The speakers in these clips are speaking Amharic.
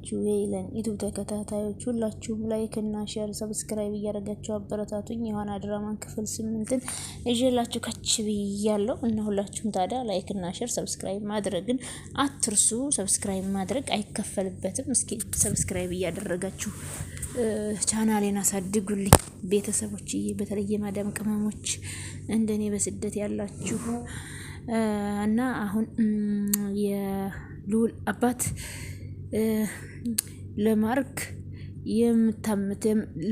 ናችሁ የይለን ዩቱብ ተከታታዮች ሁላችሁም ላይክ እና ሼር ሰብስክራይብ እያደረጋችሁ አበረታቱኝ። የዋና ድራማን ክፍል ስምንትን እዤላችሁ ከች ብያለሁ እና ሁላችሁም ታዲያ ላይክ እና ሼር ሰብስክራይብ ማድረግን አትርሱ። ሰብስክራይብ ማድረግ አይከፈልበትም። እስኪ ሰብስክራይብ እያደረጋችሁ ቻናሌን አሳድጉልኝ ቤተሰቦች በተለየ ማዳም ቅመሞች እንደኔ በስደት ያላችሁ እና አሁን የልዑል አባት ለማርክ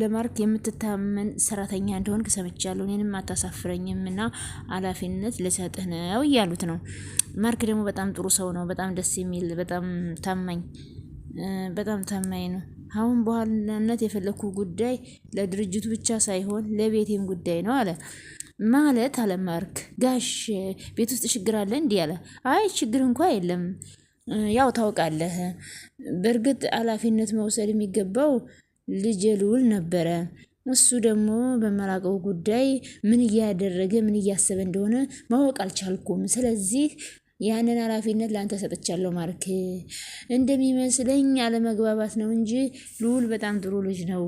ለማርክ የምትታመን ሰራተኛ እንደሆን ከሰምቻለሁ። እኔንም አታሳፍረኝም እና ኃላፊነት ልሰጥህ ነው እያሉት ነው። ማርክ ደግሞ በጣም ጥሩ ሰው ነው። በጣም ደስ የሚል በጣም ታማኝ በጣም ታማኝ ነው። አሁን በኋላነት የፈለግኩ ጉዳይ ለድርጅቱ ብቻ ሳይሆን ለቤቴም ጉዳይ ነው አለ ማለት አለ ማርክ። ጋሽ ቤት ውስጥ ችግር አለ እንዲህ አለ። አይ ችግር እንኳ የለም ያው ታውቃለህ፣ በእርግጥ ኃላፊነት መውሰድ የሚገባው ልጅ ልውል ነበረ። እሱ ደግሞ በመራቀው ጉዳይ ምን እያደረገ ምን እያሰበ እንደሆነ ማወቅ አልቻልኩም። ስለዚህ ያንን ኃላፊነት ለአንተ ሰጥቻለሁ። ማርክ እንደሚመስለኝ አለመግባባት ነው እንጂ ልውል በጣም ጥሩ ልጅ ነው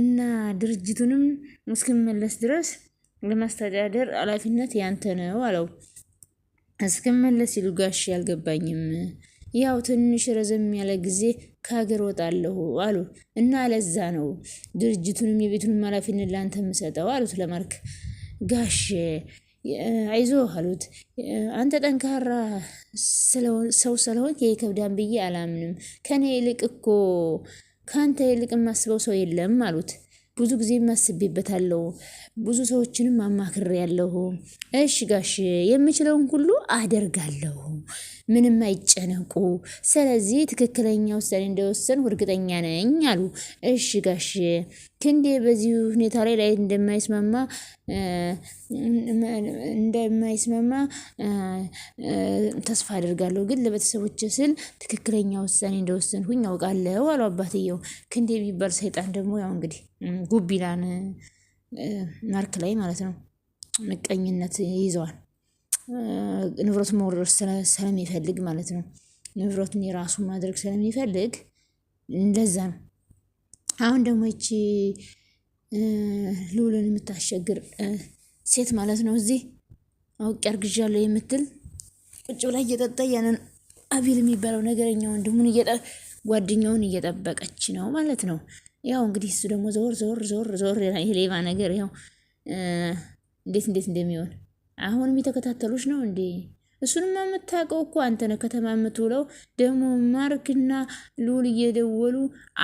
እና ድርጅቱንም እስክመለስ ድረስ ለማስተዳደር ኃላፊነት ያንተ ነው አለው። እስክመለስ ሲሉ ጋሽ አልገባኝም፣ ያው ትንሽ ረዘም ያለ ጊዜ ከሀገር ወጣለሁ አሉ እና ለዛ ነው ድርጅቱንም የቤቱንም ኃላፊነት ለአንተ የምሰጠው አሉት ለማርክ። ጋሽ አይዞ አሉት። አንተ ጠንካራ ሰው ስለሆን የከብዳን ብዬ አላምንም። ከኔ ይልቅ እኮ ከአንተ ይልቅ የማስበው ሰው የለም አሉት። ብዙ ጊዜ አስቤበታለሁ፣ ብዙ ሰዎችንም አማክሬያለሁ። እሽ ጋሽ የምችለውን ሁሉ አደርጋለሁ ምንም አይጨነቁ፣ ስለዚህ ትክክለኛ ውሳኔ እንደወሰን እርግጠኛ ነኝ አሉ። እሺ ጋሽ ክንዴ በዚህ ሁኔታ ላይ ላይ እንደማይስማማ እንደማይስማማ ተስፋ አድርጋለሁ፣ ግን ለቤተሰቦች ስል ትክክለኛ ውሳኔ እንደወሰንኩኝ አውቃለሁ አሉ አባትየው። ክንዴ የሚባል ሰይጣን ደግሞ ያው እንግዲህ ጉቢላን ማርክ ላይ ማለት ነው ምቀኝነት ይዘዋል። ንብረቱን መውረስ ስለሚፈልግ ማለት ነው። ንብረቱን የራሱ ማድረግ ስለሚፈልግ እንደዛ ነው። አሁን ደግሞ ይቺ ልዑልን የምታስቸግር ሴት ማለት ነው እዚህ አውቄ አርግዣለሁ የምትል ቁጭ ብላ እየጠጣ ያንን አቤል የሚባለው ነገረኛ ወንድሙን ጓደኛውን እየጠበቀች ነው ማለት ነው። ያው እንግዲህ እሱ ደግሞ ዞር ዞር ዞር ዞር የሌባ ነገር ያው እንዴት እንዴት እንደሚሆን አሁንም የተከታተሉች ነው እንዴ? እሱንማ የምታውቀው እኮ አንተ ነህ። ከተማ የምትውለው ደግሞ ማርክና ሉል እየደወሉ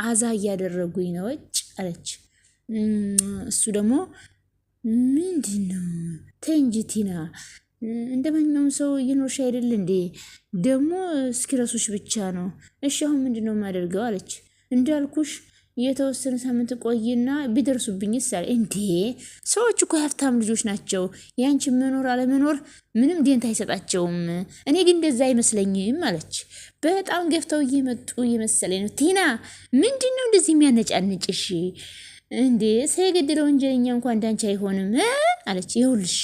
አዛ እያደረጉኝ ነው እጭ አለች። እሱ ደግሞ ምንድን ነው ተንጅቲና እንደ ማንኛውም ሰው እየኖርሽ አይደል እንዴ? ደግሞ እስኪረሱሽ ብቻ ነው። እሺ አሁን ምንድን ነው የማደርገው አለች። እንዳልኩሽ የተወሰነ ሳምንት ቆይና ቢደርሱብኝ ይሳል እንዴ! ሰዎች እኮ የሀብታም ልጆች ናቸው። ያንቺ መኖር አለመኖር ምንም ደንታ አይሰጣቸውም። እኔ ግን እንደዛ አይመስለኝም አለች። በጣም ገፍተው እየመጡ እየመሰለኝ ነው። ቲና ምንድን ነው እንደዚህ የሚያነጫንጭሽ? እንዴ ሰው የገደለ ወንጀለኛ እንኳ እንዳንቺ አይሆንም አለች። ይኸውልሽ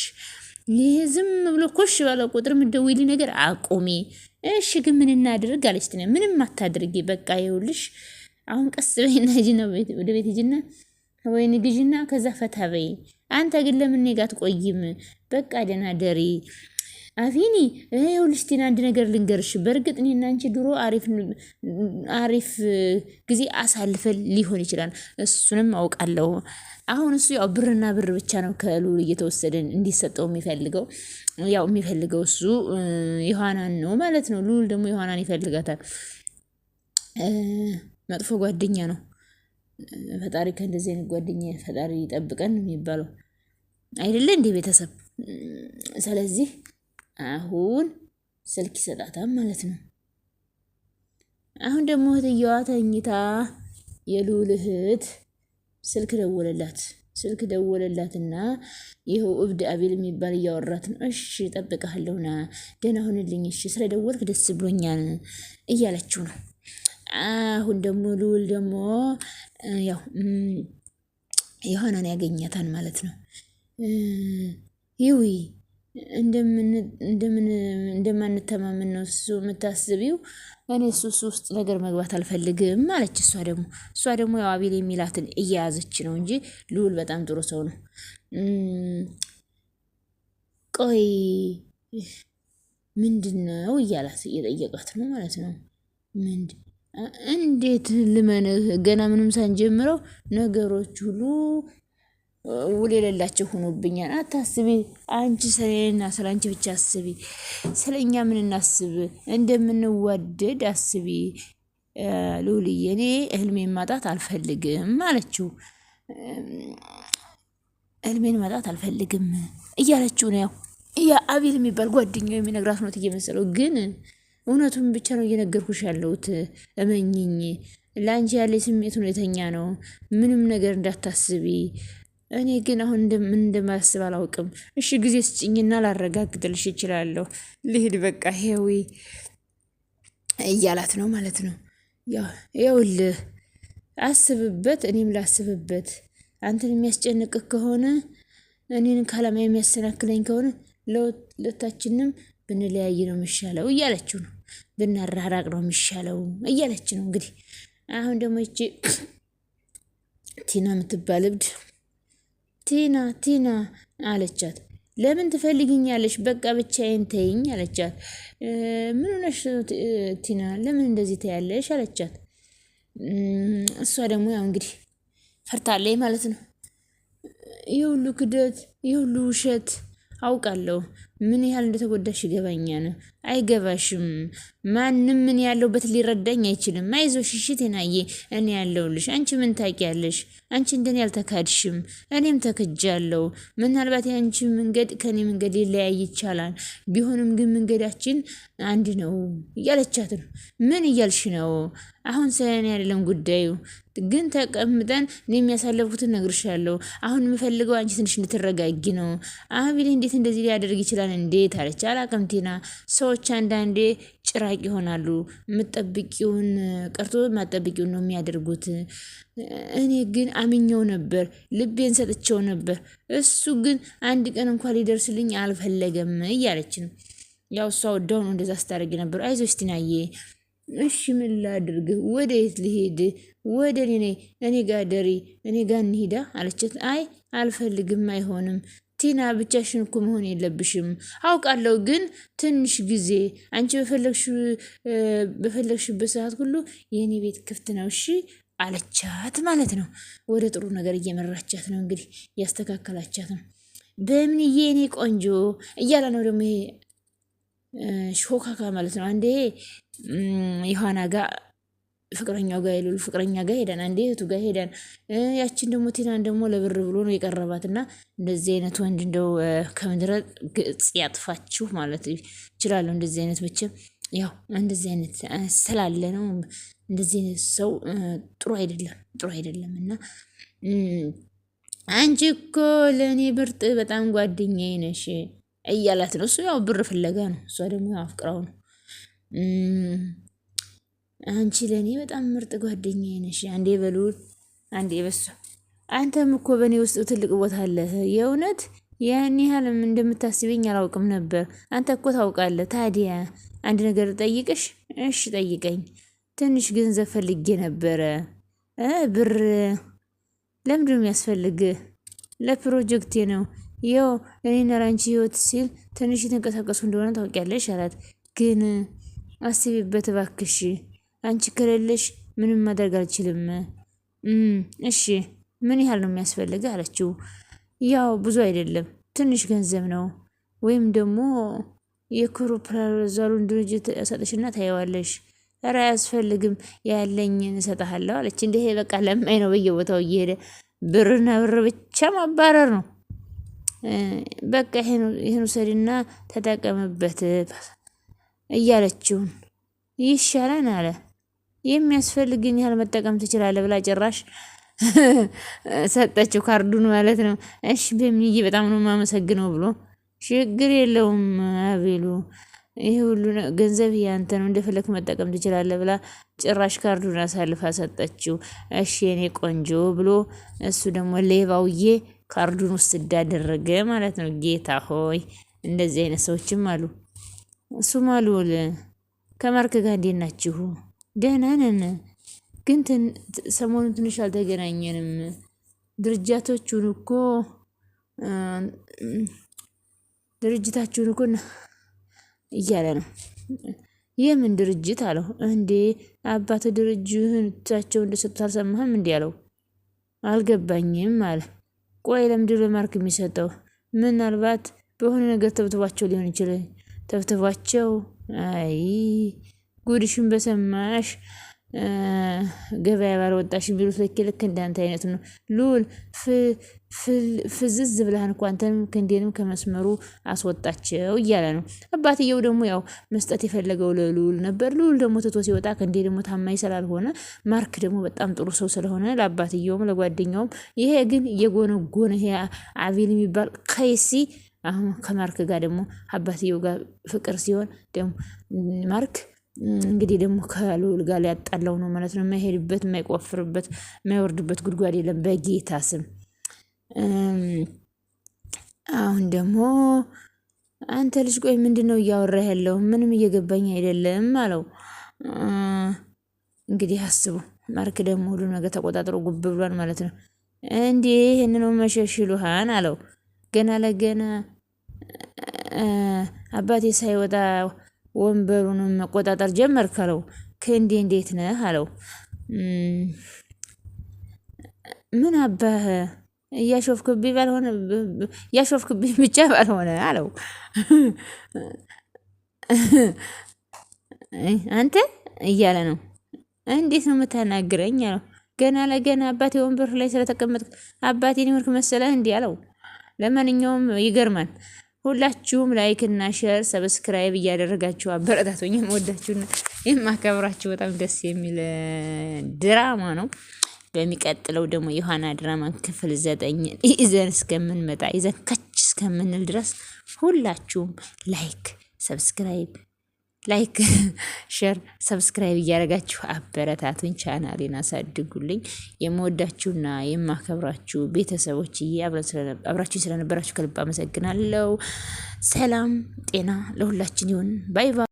ይህ ዝም ብሎ ኮሽ ባለ ቁጥር ምደዊል ነገር አቁሜ እሺ፣ ግን ምን እናድርግ አለች። ምንም አታድርጊ በቃ ይኸውልሽ አሁን ቀስ በይና ሂጂ ነው ወደ ቤት ሂጂና ወይን ግዢና ከዛ ፈታ በይ። አንተ ግን ለምን እኔ ጋር አትቆይም? በቃ ደህና ደሪ አፊኒ ይኸውልሽ፣ ቲና አንድ ነገር ልንገርሽ። በእርግጥ እኔና አንቺ ድሮ አሪፍ ጊዜ አሳልፈን ሊሆን ይችላል፣ እሱንም አውቃለሁ። አሁን እሱ ያው ብርና ብር ብቻ ነው ከልዑል እየተወሰደን እንዲሰጠው የሚፈልገው ያው የሚፈልገው እሱ ዮሐናን ነው ማለት ነው። ልዑል ደግሞ ዮሐናን ይፈልጋታል። መጥፎ ጓደኛ ነው። ፈጣሪ ከእንደዚህ አይነት ጓደኛ ፈጣሪ ይጠብቀን የሚባለው አይደለ እንዴ ቤተሰብ? ስለዚህ አሁን ስልክ ይሰጣታል ማለት ነው። አሁን ደግሞ እህትየዋ ተኝታ የልዑል እህት ስልክ ደወለላት። ስልክ ደወለላትና ይኸው እብድ አቤል የሚባል እያወራት ነው። እሺ እጠብቅሃለሁና ደህና ሁንልኝ፣ እሺ ስለደወልክ ደስ ብሎኛል እያለችው ነው አሁን ደግሞ ልውል ደግሞ ያው የሆነን ያገኘታል ማለት ነው። ይዊ እንደማንተማመን ነው እሱ የምታስቢው። እኔ እሱ እሱ ውስጥ ነገር መግባት አልፈልግም ማለች። እሷ ደግሞ እሷ ደግሞ ያው አቤል የሚላትን እየያዘች ነው እንጂ ልውል በጣም ጥሩ ሰው ነው። ቆይ ምንድን ነው እያላት እየጠየቃት ነው ማለት ነው ምንድን እንዴት ልመንህ? ገና ምንም ሳንጀምረው ነገሮች ሁሉ ውል የሌላቸው ሆኖብኛል። አታስቢ አንቺ ስለኔና ስለ አንቺ ብቻ አስቢ። ስለ እኛ ምን እናስብ? እንደምንዋደድ አስቢ ልውልዬ። እኔ እህልሜን ማጣት አልፈልግም አለችው። እህልሜን ማጣት አልፈልግም እያለችው ነው። ያው ያ አቤል የሚባል ጓደኛው የሚነግራት እውነት እየመሰለው ግን እውነቱን ብቻ ነው እየነገርኩሽ ያለሁት። እመኝኝ፣ ለአንቺ ያለ ስሜት ሁኔተኛ ነው። ምንም ነገር እንዳታስቢ። እኔ ግን አሁን ምን እንደማስብ አላውቅም። እሺ ጊዜ ስጭኝና ላረጋግጥልሽ ይችላለሁ። ልሂድ በቃ ሄዊ እያላት ነው ማለት ነው። ይኸውልህ አስብበት፣ እኔም ላስብበት። አንተን የሚያስጨንቅህ ከሆነ እኔን ካላማ የሚያሰናክለኝ ከሆነ ለሁለታችንም ብንለያይ ነው የሚሻለው እያለችው ነው። ብናራራቅ ነው የሚሻለው እያለች ነው። እንግዲህ አሁን ደግሞ ይቺ ቲና የምትባል እብድ ቲና ቲና አለቻት። ለምን ትፈልግኛለሽ? በቃ ብቻዬን ተይኝ አለቻት። ምን ሆነሽ ቲና ለምን እንደዚህ ተያለሽ? አለቻት። እሷ ደግሞ ያው እንግዲህ ፈርታለች ማለት ነው። ይህ ሁሉ ክደት፣ ይህ ሁሉ ውሸት አውቃለሁ ምን ያህል እንደተጎዳሽ ነው። አይገባሽም። ማንም ምን ያለውበት ሊረዳኝ አይችልም። አይዞሽ፣ እሺ ቴናዬ፣ እኔ ያለሁልሽ። አንቺ ምን ታውቂያለሽ? አንቺ እንደኔ ያልተካድሽም እኔም ተክጃለሁ። ምናልባት የአንቺ መንገድ ከእኔ መንገድ ሊለያይ ይቻላል፣ ቢሆንም ግን መንገዳችን አንድ ነው እያለቻት ነው። ምን እያልሽ ነው? አሁን ስለኔ አይደለም ጉዳዩ፣ ግን ተቀምጠን እኔ የሚያሳለፍኩትን እነግርሻለሁ። አሁን የምፈልገው አንቺ ትንሽ እንድትረጋጊ ነው። አቤል እንዴት እንደዚህ ሊያደርግ ይችላል? እንዴት አለች። አላቅም ቲና፣ ሰዎች አንዳንዴ ጭራቅ ይሆናሉ። የምጠብቂውን ቀርቶ ማጠብቂውን ነው የሚያደርጉት። እኔ ግን አምኜው ነበር፣ ልቤን ሰጥቼው ነበር። እሱ ግን አንድ ቀን እንኳ ሊደርስልኝ አልፈለገም እያለች ነው። ያው እሷ ወዳው እንደዛ ስታደርግ ነበር። አይዞሽ ቲናዬ እሺ ምን ላድርግ? ወደ የት ልሄድ? ወደ እኔ እኔ ጋ ደሪ እኔ ጋ እንሂዳ አለችት። አይ አልፈልግም፣ አይሆንም ቲና ብቻሽን እኮ መሆን የለብሽም አውቃለሁ፣ ግን ትንሽ ጊዜ አንቺ በፈለግሽበት ሰዓት ሁሉ የእኔ ቤት ክፍት ነው እሺ አለቻት ማለት ነው። ወደ ጥሩ ነገር እየመራቻት ነው እንግዲህ እያስተካከላቻት ነው። በምን እኔ ቆንጆ እያለ ነው ደግሞ ይሄ ሾካካ ማለት ነው። አንዴ ዮሐና ጋር ፍቅረኛው ጋር የሉል ፍቅረኛ ጋር ሄደን አንዴ እህቱ ጋር ሄደን ያችን ደግሞ ቴናን ደግሞ ለብር ብሎ ነው የቀረባት። እና እንደዚህ አይነት ወንድ እንደው ከምድረ ገጽ ያጥፋችሁ ማለት ይችላለሁ። እንደዚህ አይነት መቼም ያው እንደዚህ አይነት ስላለ ነው። እንደዚህ አይነት ሰው ጥሩ አይደለም፣ ጥሩ አይደለም እና አንቺ እኮ ለእኔ ብርጥ በጣም ጓደኛዬ ነሽ እያላት ነው። እሱ ያው ብር ፍለጋ ነው፣ እሷ ደግሞ ያው አፍቅራው ነው። አንቺ ለእኔ በጣም ምርጥ ጓደኛዬ ነሽ። አንዴ በሉል አንዴ በሱ አንተም እኮ በእኔ ውስጥ ትልቅ ቦታ አለህ። የእውነት ያን ያህል እንደምታስበኝ አላውቅም ነበር። አንተ እኮ ታውቃለህ። ታዲያ አንድ ነገር ጠይቅሽ? እሺ ጠይቀኝ። ትንሽ ገንዘብ ፈልጌ ነበረ። ብር ለምንድን የሚያስፈልግ? ለፕሮጀክቴ ነው። ያው እኔና ላንቺ ህይወት ሲል ትንሽ የተንቀሳቀሱ እንደሆነ ታውቂያለሽ አላት። ግን አስቢበት እባክሽ አንቺ ከሌለሽ ምንም ማድረግ አልችልም። እሺ ምን ያህል ነው የሚያስፈልግ አለችው። ያው ብዙ አይደለም ትንሽ ገንዘብ ነው ወይም ደግሞ የኮፕራዛሉን ድርጅት ሰጥሽና ታየዋለሽ። ኧረ አያስፈልግም ያለኝን እሰጥሃለሁ አለች። እንዲህ በቃ ለማይ ነው በየቦታው እየሄደ ብርና ብር ብቻ ማባረር ነው። በቃ ይህን ውሰድና ተጠቀምበት እያለችውን ይሻለን አለ። የሚያስፈልግን ያህል መጠቀም ትችላለህ ብላ ጭራሽ ሰጠችው ካርዱን ማለት ነው። እሺ በሚዬ በጣም ነው የማመሰግነው ብሎ ችግር የለውም አቤሉ ይህ ሁሉ ገንዘብ ያንተ ነው እንደፈለክ መጠቀም ትችላለህ ብላ ጭራሽ ካርዱን አሳልፋ ሰጠችው። እሺ የኔ ቆንጆ ብሎ እሱ ደግሞ ሌባውዬ ካርዱን ውስጥ እንዳደረገ ማለት ነው። ጌታ ሆይ እንደዚህ አይነት ሰዎችም አሉ። እሱም አሉ ከማርክ ጋር እንዴት ናችሁ? ደህና ነን፣ ግን ሰሞኑን ትንሽ አልተገናኘንም። ድርጅታችሁን እኮ ድርጅታችሁን እኮ እያለ ነው። የምን ድርጅት አለው። እንዴ አባት ድርጅታቸው እንደሰጡት አልሰማህም? እንዲ አለው። አልገባኝም አለ። ቆይ ለምድር ለማርክ የሚሰጠው? ምናልባት በሆነ ነገር ተብትቧቸው ሊሆን ይችላል። ተብትቧቸው አይ ጉድሽን በሰማሽ ገበያ ባልወጣሽ ቢሉት ልክ ልክ እንዳንተ አይነት ነው። ልዑል ፍዝዝ ብለህን እኮ አንተንም ክንዴንም ከመስመሩ አስወጣቸው እያለ ነው። አባትየው ደግሞ ያው መስጠት የፈለገው ለሉል ነበር። ሉል ደግሞ ትቶ ሲወጣ ክንዴ ደግሞ ታማኝ ስላልሆነ፣ ማርክ ደግሞ በጣም ጥሩ ሰው ስለሆነ ለአባትየውም ለጓደኛውም ይሄ ግን የጎነጎነ አቪል የሚባል ከይሲ አሁን ከማርክ ጋር ደግሞ አባትየው ጋር ፍቅር ሲሆን ደግሞ ማርክ እንግዲህ ደግሞ ከልዑል ጋር ሊያጣላው ነው ማለት ነው። የማይሄድበት የማይቆፍርበት የማይወርድበት ጉድጓድ የለም በጌታ ስም። አሁን ደግሞ አንተ ልጅ ቆይ ምንድን ነው እያወራ ያለው? ምንም እየገባኝ አይደለም አለው። እንግዲህ አስቡ። ማርክ ደግሞ ሁሉ ነገር ተቆጣጥሮ ጉብ ብሏል ማለት ነው። እንዲህ ይህንን መሸሽ ይሉሃን አለው። ገና ለገና አባቴ ሳይወጣ ወንበሩንም መቆጣጠር ጀመርክ አለው። ክንዴ እንዴት ነህ አለው። ምን አባህ እያሾፍክብኝ ባልሆነ እያሾፍክብኝ ብቻ ባልሆነ አለው። አንተ እያለ ነው እንዴት ነው የምታናግረኝ አለው። ገና ለገና አባቴ ወንበር ላይ ስለተቀመጥክ አባቴን የሆንክ መሰለህ እንዲህ አለው። ለማንኛውም ይገርማል። ሁላችሁም ላይክ እና ሼር ሰብስክራይብ እያደረጋችሁ አበረታቶኝ። የምወዳችሁና የማከብራችሁ በጣም ደስ የሚል ድራማ ነው። በሚቀጥለው ደግሞ የዮሐና ድራማን ክፍል ዘጠኝን ይዘን እስከምንመጣ ይዘን ከች እስከምንል ድረስ ሁላችሁም ላይክ ሰብስክራይብ ላይክ፣ ሸር፣ ሰብስክራይብ እያደረጋችሁ አበረታቱኝ፣ ቻናሌን አሳድጉልኝ። የምወዳችሁና የማከብራችሁ ቤተሰቦች አብራችሁኝ ስለነበራችሁ ከልብ አመሰግናለሁ። ሰላም ጤና ለሁላችን ይሁን። ባይ ባይ።